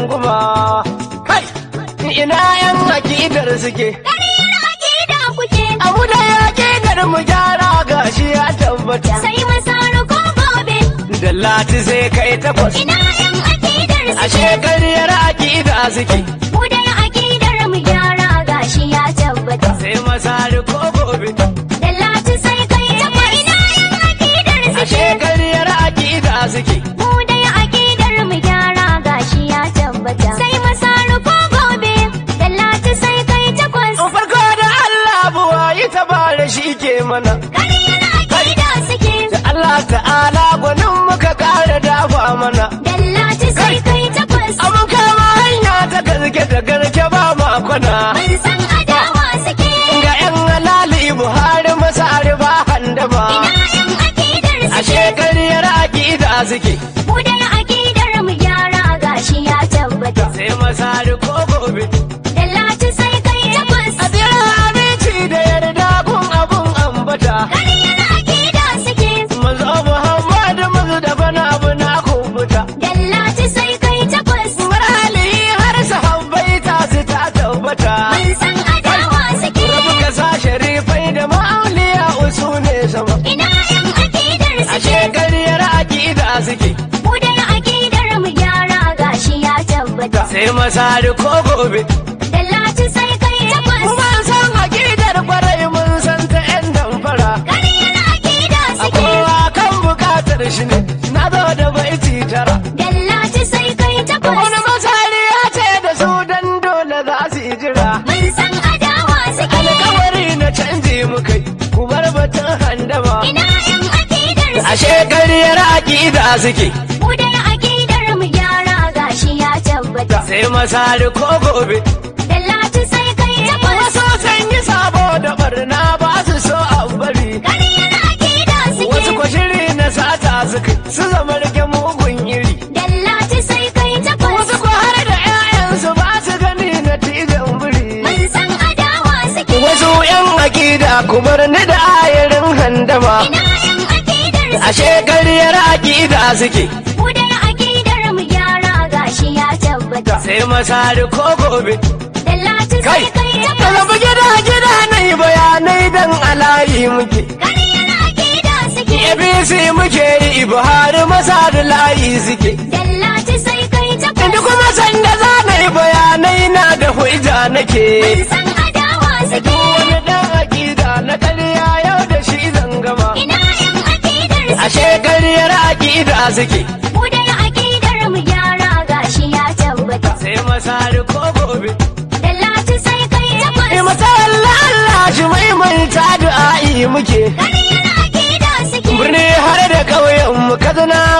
runguma kai ina yan akidar suke abu da ya akidar mu gyara gashi ya tabbata sai mu sanu ko gobe da lati zai kai takwas ina yan akidar suke a shekariyar akida suke mu da ya akidar mu gyara gashi ya tabbata sai mu sanu ko gobe da lati sai kai takwas ina yan akidar suke a shekariyar akida suke mana dallaci sai kai takwas abun kama hanya ta garke da garke ba makwana ban san adawa suke ga yan halali buhari masa arba handama ina yan akidar suke a shekariyar akida suke sai masari ko gobe. Dallacin sai kai tabbas. Kuma san aƙidar kwarai mun san ta ƴan damfara. Gani yana aƙida suke. A kowa kan buƙatar shi ne na zo da baiti tara. Dallacin sai kai tabbas. Wani masari ya ce da su dan dole za su yi jira. Mun san adawa suke. Alƙawari na canji mu kai ku bar batun handama. Ina ƴan aƙidar suke. Ashe ƙaryar aƙida suke. sai masari ko gobe. Dallaci sai kai ya so san yi sabo da barna ba su so a bari. Gani yana akida suke. Wasu ko shiri na sata suke su zama rike mugun iri. Dallaci sai kai ta Wasu ko har da 'ya'yansu ba su gani na tijan biri. Mun san adawa suke. Wasu 'yan akida kumar ni da ayarin handama. Ina 'yan akidar suke. Ashe kariyar akida suke. Ku ta sai masari ko gobe kai daga gida gida na yi bayanai dan alayi muke abc muke yi buhari masari layi suke inda kuma sanda za na yi bayanai na da hujja nake duk wani dan akida na ƙarya yau da shi zan gama suke sari ko gobe. Dallaci sai kai tabbas. Ima ta lalla shi maimaita du'a yi muke. Gani yana gida suke. Birni har da ƙauyen mu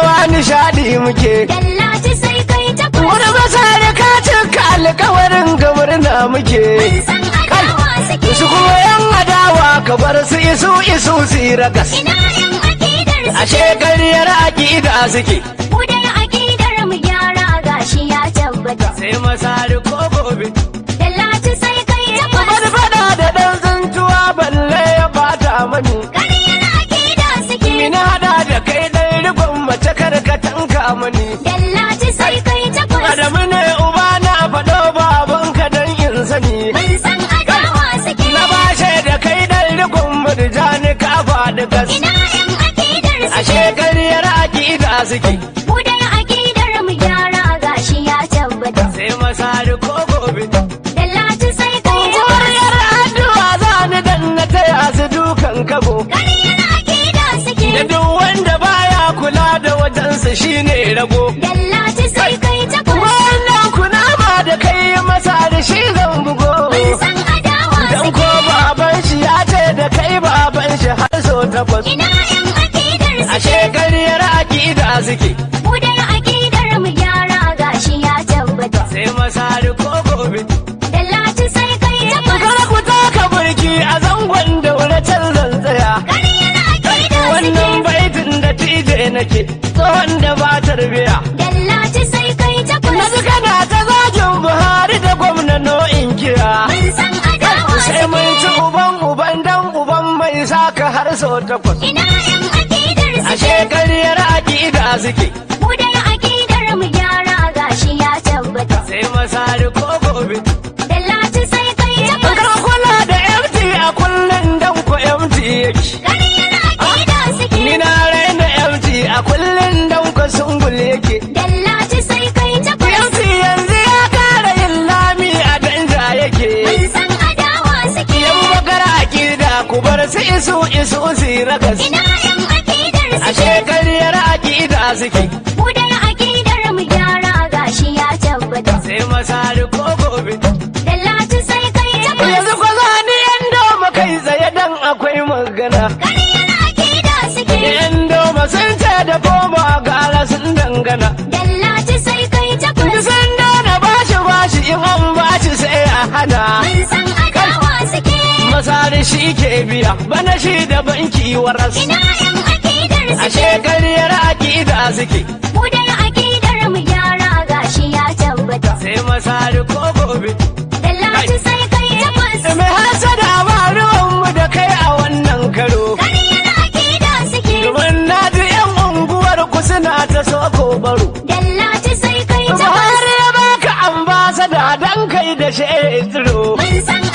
wa nishaɗi muke. Dallaci sai kai tabbas. Wani masari ka cika alƙawarin ga murna muke. Mun san adawa suke. Su kuma yan adawa ka bar su isu isu su yi ragas. Ina yan akidar suke. A shekariyar akida suke. gwada sai masari ko gobe dallacin sai kai ya bada fada da dan zantuwa balle ya bata mani gani yana akida suke ina hada da kai dan rigon mace karkatan ka mani dallacin sai kai ta kwada adamu ne uba na fado baban ka dan in sani ban san adawa suke na ba bashe da kai dan rigon murjani ka faɗi gas ina in akidar suke ashe kariyar akida suke kai masari ko gobe. Dallacin sai taya su dukan kago. suke. Da duk wanda baya kula da wajensa shine rago. Dallacin sai ka ta Wannan da kai masari shi zan bugo. Ban san adawa Dan ko ya ce da kai baban shi har so takwas. Ina suke. bata sai masari ko gobe dallacin sai kai ya kar ku taka burki a zangon wani can zanzaya. tsaya gani yana ake da wannan baitin da tije nake tsohon da ba tarbiya dallacin sai kai ta kun na zuka na ta zagin buhari da gwamna nau'in kira mun san adawa sai mun ci uban uban dan uban mai saka har sau takwas ina yan akidar suke a shekariyar akida suke mu dai akidar mu gyara gashi ya tabbata sai masari ko gobe dallacin sai kai ya baka kula da MT a kullun dan ko MT yake gani yana gida suke ni na raina MT a kullun dan ko sungul yake dallacin sai kai ta MT yanzu ya kara yin lami a danja yake mun san adawa suke yan bakar akida ku bar su isu isu su ragas ina yan akidar suke a shekaru shekariyar akida suke sai masari ko gobe. Dallacin sai kai ta Yanzu ko za ni yan doma kai tsaye dan akwai magana. Gani yana ake da suke. Yan doma sun ce da koma gara sun dangana. Dallacin sai kai takwas. kusa. Sun dana bashi bashi in an bashi sai a hana. Mun san adawa suke. Masari shi ke biya bana shi da banki waras. Ina yan akidar suke. A shekariyar akida suke. Buda kashe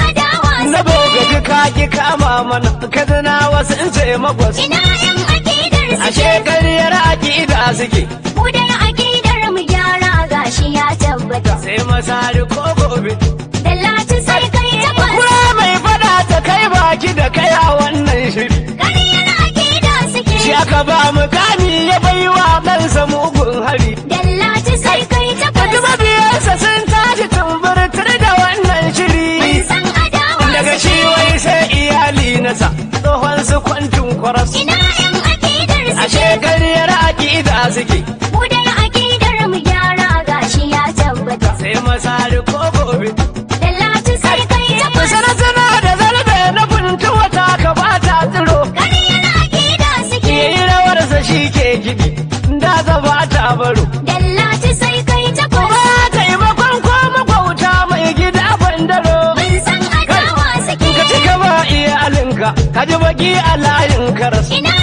adawa sabo ga ka ki kama mana kadana wasu in ce magwas ina yan akidar suke a shekariyar akida suke kudar akidar mu gyara gashi ya tabbata sai masari ko gobe dallaci sai kai tabbata kura mai fada ta kai baki da kai a wannan shiri suke. Mu dai aƙidar mu gyara gashi ya tabbata. Sai masari ko gobe. Lallatu sai kai ya tabbata. Sana da zarbe na buntu wata ka bata tsiro. Ƙaryar aƙida suke. Ke rawarsa shi ke gidi. Da za ta baro. Lallatu sai kai tabbata. Ba taimakon ko magwauta mai gida bandaro. Mun san adawa suke. Ka ba iyalinka. Ka ji baki a layin karas.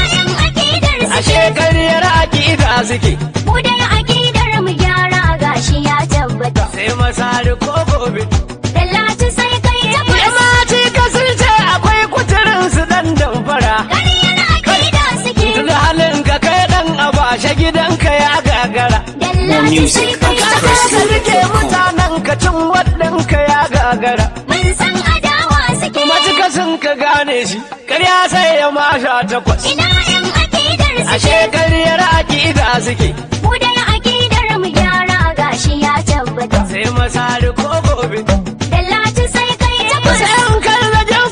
ashe kariyar aƙida suke mu aƙidar mu gyara gashi ya tabbata sai masari ko gobe dallaci sai kai tabbata yamaci kasance akwai kuturin su dan damfara kariyar aƙida suke tunda halin ka kai dan abashe gidanka ya gagara dallaci sai kai tabbata ka rike mutanen ka cin waɗanka ya gagara mun san adawa suke kuma cika sun ka gane shi karya sai ya masha takwas ina yan ashe kariyar aƙida suke mu aƙidar mu gyara gashi ya tabbata sai masari ko gobe dallaci sai kai tabbata sai an karna jan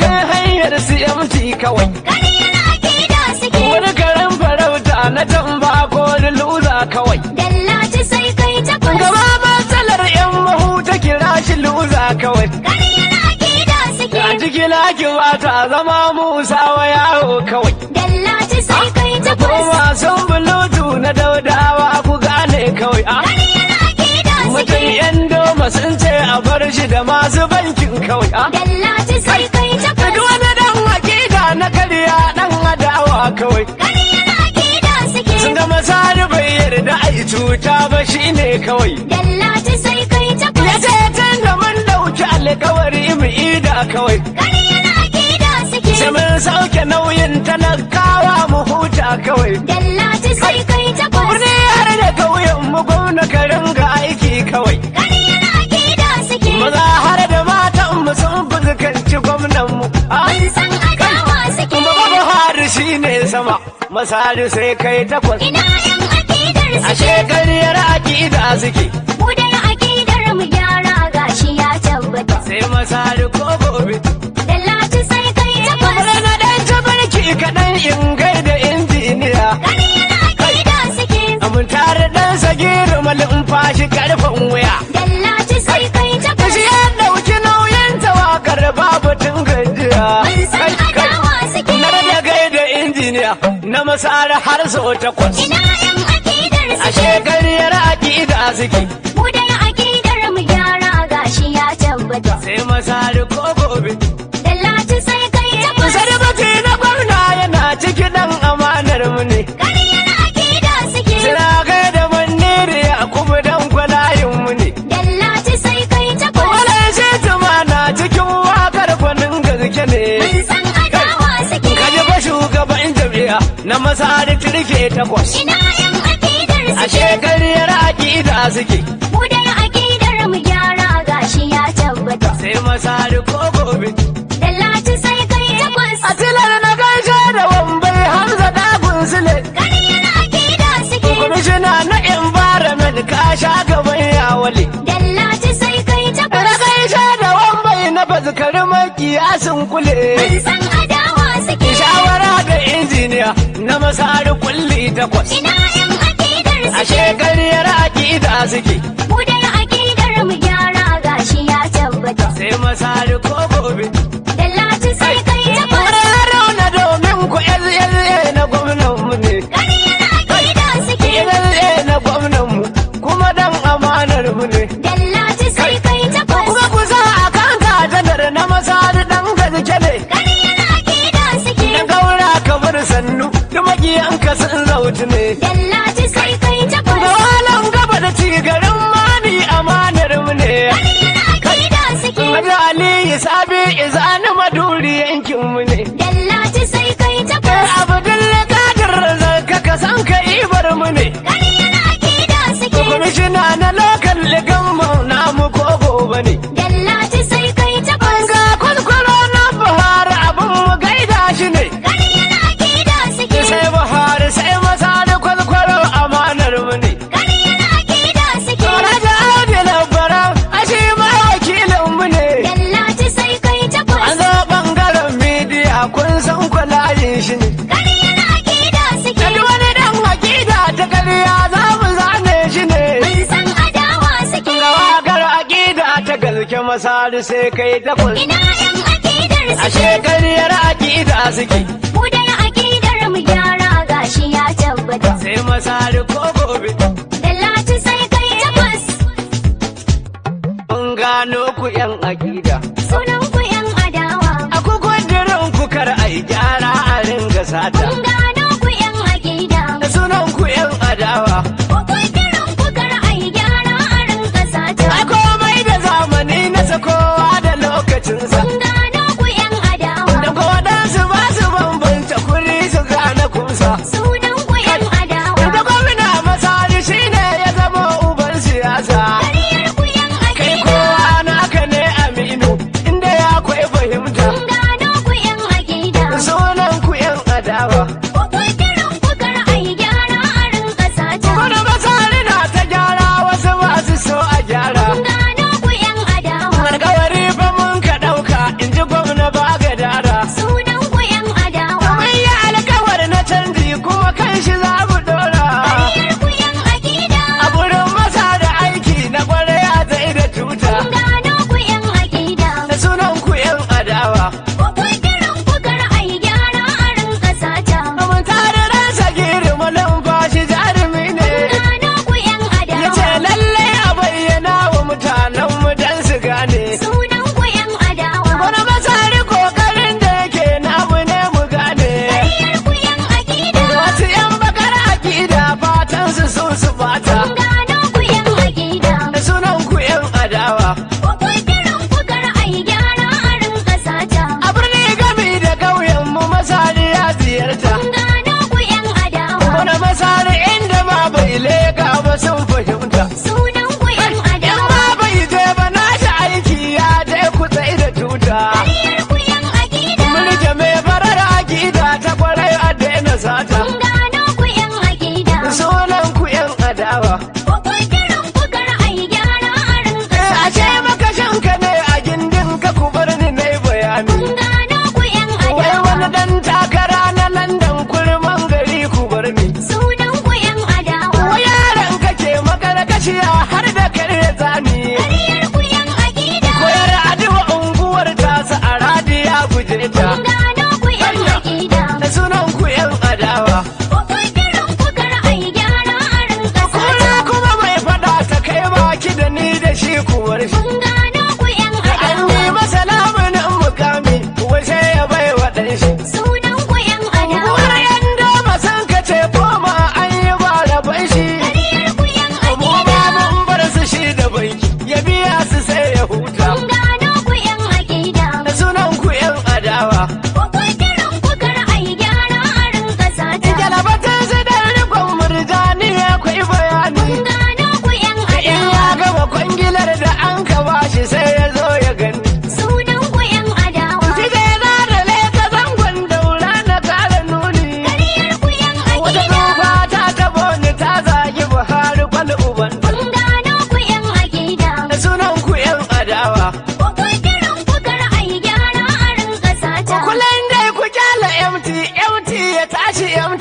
kan hanyar CMT kawai kariyar aƙida suke wani karen farauta na tamba ko luza kawai dallaci sai kai tabbata gaba matsalar yan mahu ta kira shi luza kawai kariyar aƙida suke a ciki lakin ba zama musa wa yawo kawai na daudawa ku gane kawai a mutum yan doma sun ce a bar shi da masu bankin kawai a na karya dan bai yarda a cuta ba shine kawai gallaci sai kai takwas. ya ce tun da mun dauki alkawari mu ida kawai sai mun sauke nauyin talakawa mu huta kawai misali sai kai takwas. Ina yan akidar suke. A shekariyar akida suke. Mu dai akidar mu gyara gashi ya tabbata. Sai misali ko gobe. Dallaci sai kai takwas. Kuma na dan tabarki kaɗan in gaida injiniya. Gani yana akida suke. Mun tare dan sagiru malin fashi karfin wuya. Dallaci sai kai takwas. Kashi ya ɗauki nauyin tawakar babu tun gajiya. na masar har so ta kwas. Ina yan akidar suke. A shekariyar akida suke. Mu dai akidar mu gyara gashi ya tabbata. Sai masar ko gobe. ta sai kai Ta kwasa. Kusa da na gwamna yana ciki dan amanar mu ne. na masa da karfe takwas. Ina yan akidar suke. A shekariyar akida suke. Mudar akidar mu gyara gashi ya tabbata. Sai masa da kogobe. Dallaci sai kai takwas. A tilar na gaishe da wambai hamza dagun sule. Kariyar akida suke. Kwamishina na environment ka sha gaban yawale. Dallaci sai kai takwas. Na gaishe da wambai na bazkar makiya sun kule. Ban san adawa suke. Shawara injiniya na masari kulli takwas. Ina yan akidar suke. Ashe kariyar akida suke. Mu dai akidar mu gyara gashi ya tabbata. Sai masari ko gobe. Dallaci sai kai ta kwara. Yaro na domin ku LLA na gwamnan mu ne. Kariyar akida suke. LLA na gwamnan mu kuma dan amanar mu ne. Dallaci sai kai ta kwara. Kuma ku sa a kan tajanar na masari Daud ne. sai kai jabas. Ga walan gaba da ci garin mani amanar mu ne. Wani yana akida suke. Wani Aliyu Sabi Izani Maduri yankin mu faru sai kai takwas. Ina yan akidar suke. A shekariyar akida suke. Mu dai akidar mu gyara gashi ya tabbata. Sai masari ko gobe. Dallatu sai kai takwas. Mun gano ku yan akida. Sunan ku yan adawa. A ku kudurin ku kar a yi gyara a ringa sata. Mun gano ku yan akida. Sunan ku yan adawa. bai Actually, I'm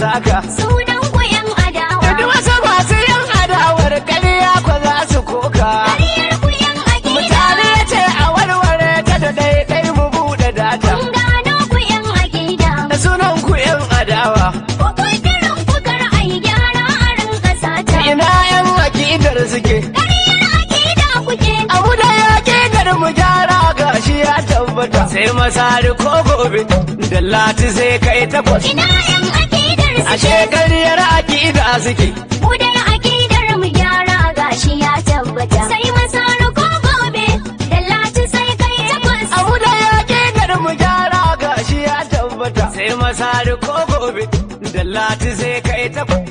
saka sunan ku yan adawa duk wasu masu yan adawar ƙarya ku za su koka mutane ce a warware ta da ɗaiɗai mu buɗe data gano ku yan aƙida sunan ku yan adawa kukudirin ku kar a yi gyara a rinka sata ina yan aƙidar suke ƙaryar aƙida kuke abu da ya ƙidar mu gyara gashi ya tabbata sai masari ko gobe da lati sai kai takwas ina yan aƙida ashe kariyar aƙida suke. Mu dai aƙidar mu gyara gashi ya tabbata. Sai masaru ko gobe, dallaci sai kai takwas. A mu dai aƙidar mu gyara gashi ya tabbata. Sai masaru ko gobe, dallaci sai kai takwas.